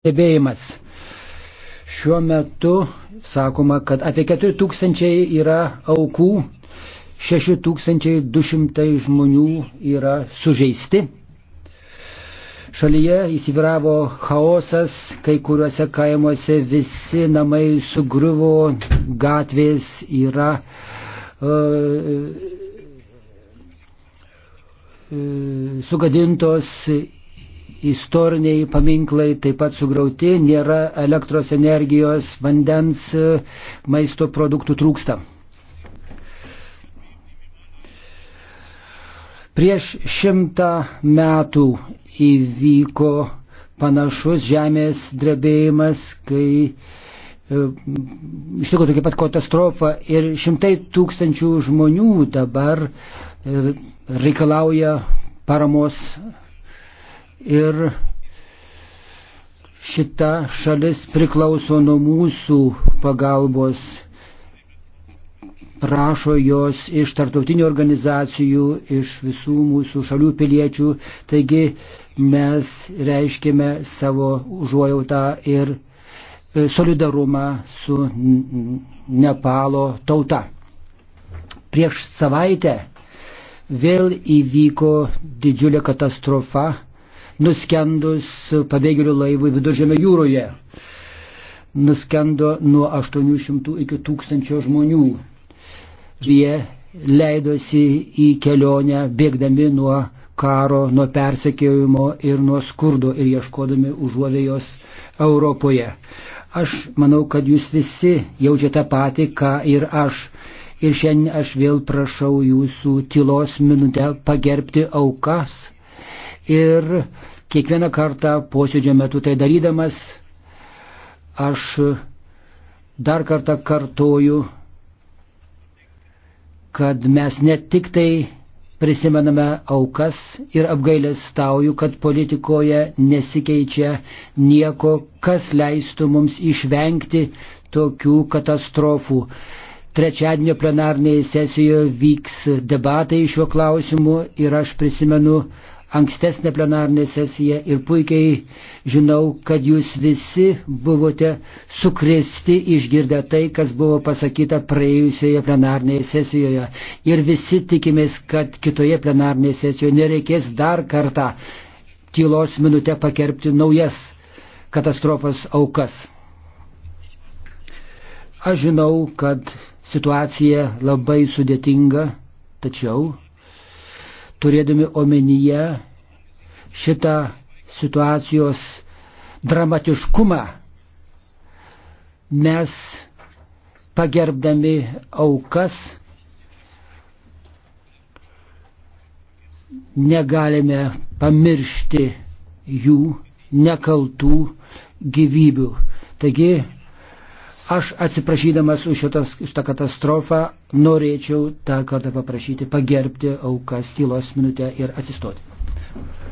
stebėjimas. Šiuo metu sakoma, kad apie 4 tūkstančiai yra aukų, 6200 žmonių yra sužeisti. Šalyje įsivyravo chaosas, kai kuriuose kaimuose visi namai sugriuvo, gatvės yra uh, uh, sugadintos, istoriniai paminklai taip pat sugrauti, nėra elektros energijos, vandens, maisto produktų trūksta. Prieš šimtą metų įvyko panašus žemės drebėjimas, kai e, ištiko tokia pat katastrofa ir šimtai tūkstančių žmonių dabar e, reikalauja paramos ir šita šalis priklauso nuo mūsų pagalbos, prašo jos iš tartautinių organizacijų, iš visų mūsų šalių piliečių, taigi mes reiškime savo užuojautą ir e, solidarumą su Nepalo tauta. Prieš savaitę vėl įvyko didžiulė katastrofa nuskendus pabėgėlių laivui viduržėme jūroje. Nuskendo nuo 800 iki 1000 žmonių. Jie leidosi į kelionę bėgdami nuo karo, nuo persekiojimo ir nuo skurdo ir ieškodami užuovėjos Europoje. Aš manau, kad jūs visi jaučiate patį, ką ir aš. Ir šiandien aš vėl prašau jūsų tylos minutę pagerbti aukas, ir kiekvieną kartą posėdžio metu tai darydamas aš dar kartą kartoju, kad mes ne tik tai prisimename aukas ir apgailestauju, kad politikoje nesikeičia nieko, kas leistų mums išvengti tokių katastrofų. Trečiadienio plenarnėje sesijoje vyks debatai šiuo klausimu ir aš prisimenu ankstesnę plenarnę sesiją ir puikiai žinau, kad jūs visi buvote sukrėsti išgirdę tai, kas buvo pasakyta praėjusioje plenarnėje sesijoje. Ir visi tikimės, kad kitoje plenarnėje sesijoje nereikės dar kartą tylos minutę pakerpti naujas katastrofos aukas. Aš žinau, kad situacija labai sudėtinga, tačiau turėdami omenyje šitą situacijos dramatiškumą, mes pagerbdami aukas negalime pamiršti jų nekaltų gyvybių. Taigi Aš atsiprašydamas už šitas, šitą katastrofą norėčiau dar kartą paprašyti pagerbti aukas tylos minutę ir atsistoti.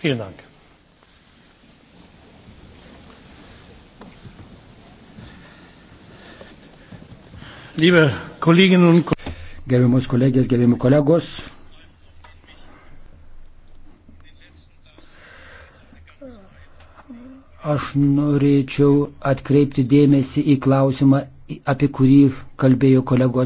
Vielen Dank. Gerbiamus kolegės, gerbiami kolegos, aš norėčiau atkreipti dėmesį į klausimą, apie kurį kalbėjo kolegos